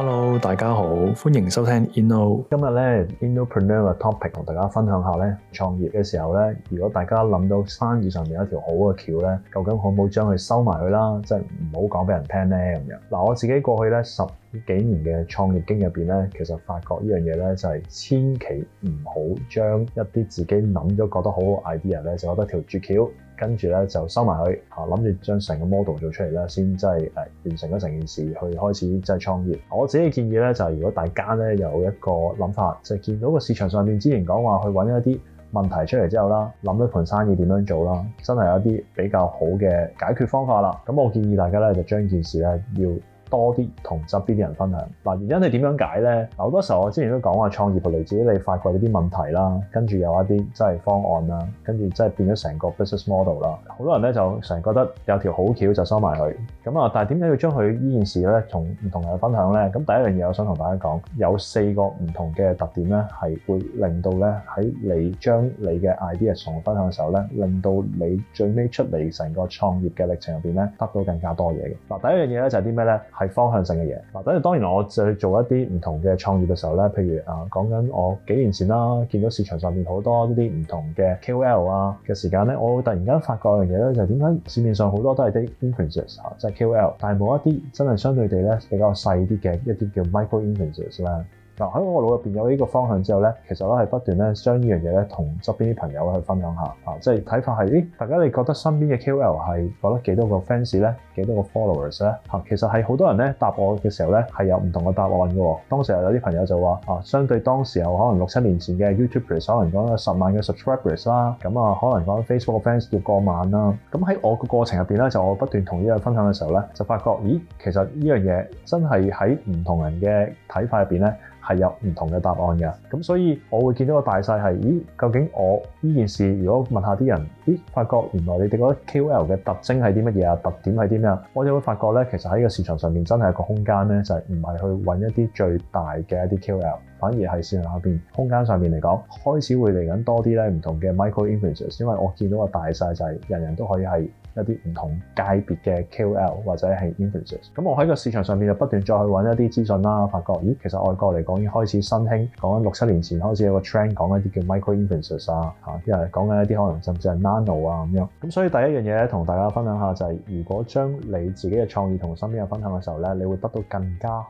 hello，大家好，歡迎收聽 InKnow。今日咧 Innopreneur 嘅 topic 同大家分享下咧，創業嘅時候咧，如果大家諗到生意上面有一條好嘅橋咧，究竟可唔可以將佢收埋去啦，即係唔好講俾人聽咧咁樣。嗱，我自己過去咧十幾年嘅創業經入邊咧，其實發覺呢樣嘢咧就係、是、千祈唔好將一啲自己諗咗覺得好好 idea 咧，就覺得條絕橋。跟住咧就收埋去，啊諗住將成個 model 做出嚟咧，先即係誒完成咗成件事，去開始即係創業。我自己嘅建議咧，就係如果大家咧有一個諗法，即係見到個市場上面之前講話去搵一啲問題出嚟之後啦，諗一盤生意點樣做啦，真係有啲比較好嘅解決方法啦。咁我建議大家咧就將件事咧要多啲同側邊啲人分享嗱，原因你點樣解咧？嗱，好多時候我之前都講話創業係來自於你發掘呢啲問題啦，跟住有一啲即係方案啦，跟住即係變咗成個 business model 啦。好多人咧就成日覺得有條好橋就收埋佢咁啊，但係點解要將佢呢件事咧同唔同人分享咧？咁第一樣嘢我想同大家講，有四個唔同嘅特點咧，係會令到咧喺你將你嘅 ideas 同人分享嘅時候咧，令到你最尾出嚟成個創業嘅歷程入邊咧，得到更加多嘢嘅。嗱，第一樣嘢咧就係啲咩咧？係方向性嘅嘢。嗱，跟住當然我就去做一啲唔同嘅創業嘅時候咧，譬如啊，講緊我幾年前啦，見到市場上面好多呢啲唔同嘅 KOL 啊嘅時間咧，我突然間發覺一樣嘢咧，就係點解市面上好多都係啲 influencers 嚇，即係 KOL，但係冇一啲真係相對地咧比較細啲嘅一啲叫 micro influencers 啦。嗱喺我腦入邊有呢個方向之後呢，其實咧係不斷咧將呢樣嘢咧同側邊啲朋友去分享下嚇，即係睇法係咦、欸，大家你覺得身邊嘅 KOL 係覺得幾多個 fans 呢？幾多個 followers 呢？嚇？其實係好多人咧答我嘅時候咧係有唔同嘅答案嘅。當時有啲朋友就話啊，相對當時候可能六七年前嘅 YouTube 嘅，可能講十萬嘅 subscribers 啦，咁啊可能講 Facebook fans 要過萬啦。咁、啊、喺我個過程入邊咧，就我不斷同呢個分享嘅時候咧，就發覺咦，其實呢樣嘢真係喺唔同人嘅睇法入邊呢。係有唔同嘅答案嘅，咁所以我會見到個大勢係，咦？究竟我呢件事如果問下啲人，咦？發覺原來你哋覺得 KOL 嘅特徵係啲乜嘢啊？特點係啲咩啊？我就會發覺咧，其實喺個市場上面真係個空間咧，就係唔係去揾一啲最大嘅一啲 KOL，反而係市場下邊空間上面嚟講，開始會嚟緊多啲咧唔同嘅 micro influencers，因為我見到個大勢就係人人都可以係。一啲唔同界別嘅 KOL 或者係 influencers 咁我喺個市場上面就不斷再去揾一啲資訊啦，發覺咦，其實外國嚟講已經開始新興，講緊六七年前開始有個 trend 講一啲叫 micro influencers 啊，嚇啲人講緊一啲可能甚至係 nano 啊咁樣。咁所以第一樣嘢咧，同大家分享下就係，如果將你自己嘅創意同身邊嘅分享嘅時候咧，你會得到更加好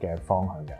嘅方向嘅。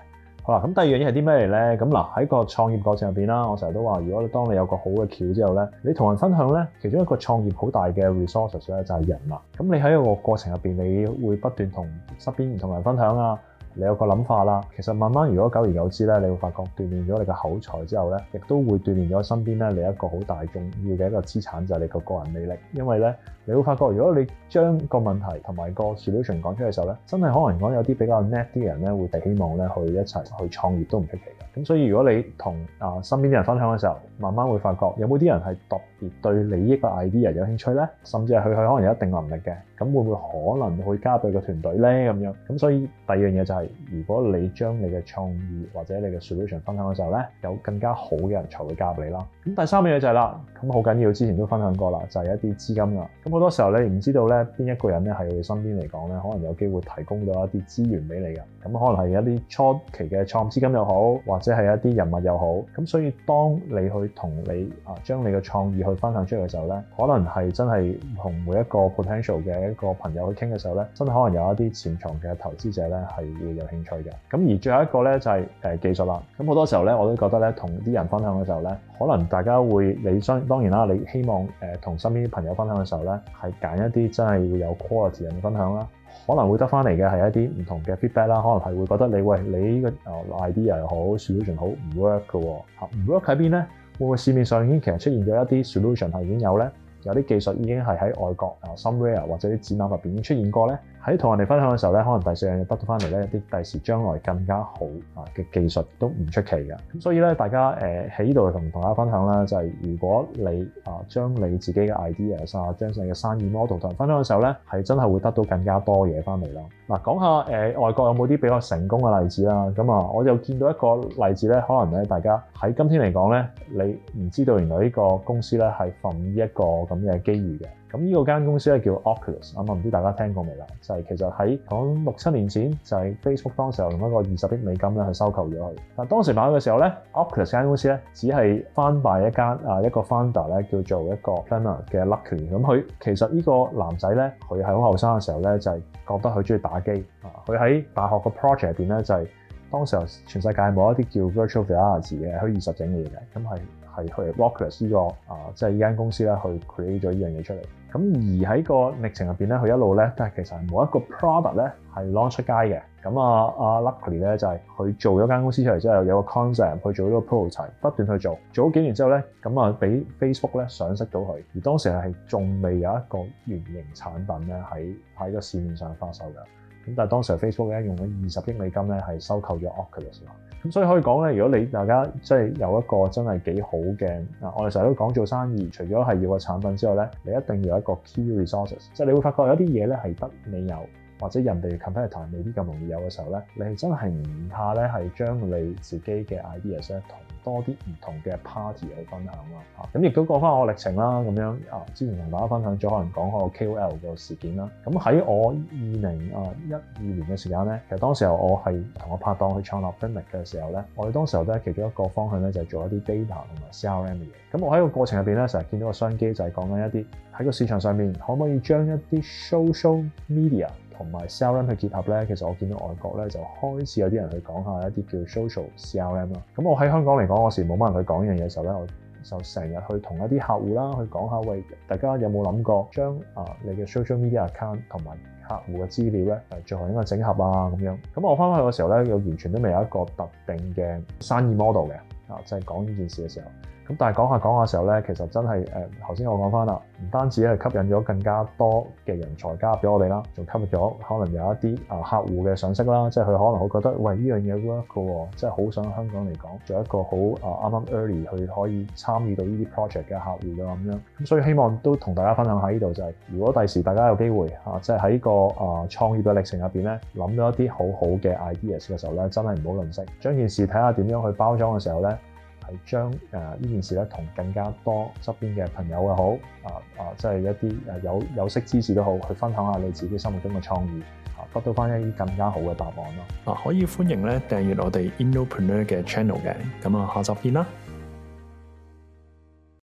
好啦，咁第二樣嘢係啲咩嚟咧？咁嗱喺個創業過程入邊啦，我成日都話，如果當你有個好嘅橋之後咧，你同人分享咧，其中一個創業好大嘅 resources 咧就係人啦。咁你喺個過程入邊，你會不斷同身邊唔同人分享啊。你有個諗法啦，其實慢慢如果久而久之咧，你會發覺鍛煉咗你嘅口才之後咧，亦都會鍛煉咗身邊咧你一個好大重要嘅一個資產就係你個個人魅力，因為咧。你會發覺，如果你將個問題同埋個 solution 講出嘅時候咧，真係可能講有啲比較 nerd 啲人咧，會希望咧去一齊去創業都唔出奇嘅。咁所以如果你同啊身邊啲人分享嘅時候，慢慢會發覺有冇啲人係特別對利益嘅 idea 有興趣咧，甚至係佢佢可能有一定能力嘅，咁會唔會可能去加對個團隊咧咁樣？咁所以第二樣嘢就係，如果你將你嘅創意或者你嘅 solution 分享嘅時候咧，有更加好嘅人才會加入你啦。咁第三樣嘢就係啦，咁好緊要，之前都分享過啦，就係一啲資金啦。好多時候你唔知道咧邊一個人咧喺你身邊嚟講咧，可能有機會提供到一啲資源俾你嘅。咁可能係一啲初期嘅創資金又好，或者係一啲人物又好。咁所以當你去同你啊將你嘅創意去分享出嚟嘅時候咧，可能係真係同每一個 potential 嘅一個朋友去傾嘅時候咧，真係可能有一啲潛藏嘅投資者咧係會有興趣嘅。咁而最後一個咧就係、是、誒、呃、技術啦。咁好多時候咧我都覺得咧，同啲人分享嘅時候咧，可能大家會你想當然啦，你希望誒同、呃、身邊啲朋友分享嘅時候咧。係揀一啲真係會有 quality 嘅分享啦，可能會得翻嚟嘅係一啲唔同嘅 feedback 啦，可能係會覺得你喂，你呢個啊 idea 又好 solution 好唔 work 嘅喎、哦，唔 work 喺邊咧？會唔會市面上已經其實出現咗一啲 solution 係已經有咧？有啲技術已經係喺外國啊 somewhere 或者啲展覽入邊已經出現過咧？喺同人哋分享嘅時候呢，可能第四樣嘢得到翻嚟呢，一啲第時將來更加好啊嘅技術都唔出奇嘅。咁所以呢，大家誒喺呢度同大家分享呢，就係、是、如果你啊將你自己嘅 ideas 啊，將你嘅生意 model 同人分享嘅時候呢，係真係會得到更加多嘢翻嚟囉。嗱，講下誒外國有冇啲比較成功嘅例子啦。咁啊，我就見到一個例子呢，可能呢大家喺今天嚟講呢，你唔知道原來呢個公司呢係揾呢一個咁嘅機遇嘅。咁呢個間公司咧叫 Oculus 啊嘛，唔知大家聽過未啦？就係、是、其實喺講六七年前，就係、是、Facebook 當時候用一個二十億美金咧去收購咗佢。嗱，當時買佢嘅時候咧，Oculus 間公司咧只係翻拜一間啊，一個 founder 咧叫做一個 Palmer 嘅 Luckey。咁佢其實呢個男仔咧，佢係好後生嘅時候咧，就係、是、覺得佢中意打機啊。佢喺大學個 project 入邊咧，就係當時候全世界冇一啲叫 Virtual Reality 嘅，虛擬實境嘢嘅，咁係係佢 Oculus 呢、這個啊，即係呢間公司咧去 create 咗呢樣嘢出嚟。咁而喺個歷程入邊咧，佢一路咧都係其實冇一個 product 咧係 launch 出街嘅。咁啊啊，luckily 咧就係佢做咗間公司出嚟，之後有個 concept 去做咗個 product，不斷去做。做咗幾年之後咧，咁啊俾 Facebook 咧賞識到佢，而當時係仲未有一個原型產品咧喺喺個市面上發售嘅。咁但係當時 Facebook 咧用咗二十億美金咧係收購咗 Oculus 啦，咁所以可以講咧，如果你大家即係、就是、有一個真係幾好嘅，啊我哋成日都講做生意，除咗係要個產品之外咧，你一定要有一個 key resources。即係你會發覺有啲嘢咧係得你有。或者人哋 competitor 未必咁容易有嘅時候咧，你係真係唔怕咧，係將你自己嘅 ideas 咧同多啲唔同嘅 party 去分享囉！咁亦都講翻我歷程啦，咁樣啊，之前同大家分享咗可能講開個 K.O.L 嘅事件啦。咁喺我二零啊一二年嘅時間咧，其實當時候我係同我拍檔去創立 Finnic 嘅時候咧，我哋當時候咧其中一個方向咧就係、是、做一啲 data 同埋 C.R.M 嘅嘢。咁我喺個過程入邊咧成日見到個商機就係講緊一啲喺個市場上面可唔可以將一啲 social media 同埋 CRM 去結合咧，其實我見到外國咧就開始有啲人去講下一啲叫 social CRM 啦。咁我喺香港嚟講，我時冇乜人去講呢樣嘢嘅時候咧，我就成日去同一啲客戶啦去講下喂，大家有冇諗過將啊你嘅 social media account 同埋客戶嘅資料咧誒做一個整合啊咁樣。咁我翻返去嘅時候咧，又完全都未有一個特定嘅生意 model 嘅啊，就係講呢件事嘅時候。咁但係講下講下嘅時候咧，其實真係誒，頭先我講翻啦，唔單止係吸引咗更加多嘅人才加入咗我哋啦，仲吸引咗可能有一啲啊客戶嘅信息啦，即係佢可能會覺得喂，呢樣嘢 work 嘅喎，即係好想香港嚟講做一個好啊啱啱 early 去可以參與到呢啲 project 嘅客戶啊咁樣。咁所以希望都同大家分享喺呢度就係、是，如果第時大家有機會啊，即係喺、這個啊、呃、創業嘅歷程入邊咧，諗到一啲好好嘅 ideas 嘅時候咧，真係唔好吝嗇，將件事睇下點樣去包裝嘅時候咧。係將誒呢件事咧，同更加多側邊嘅朋友又好，啊啊，即係一啲誒有有識之士都好，去分享下你自己心目中嘅創意，啊，得到翻一啲更加好嘅答案咯。啊，可以歡迎咧訂閱我哋 Innopreneur 嘅 channel 嘅，咁啊，下集見啦。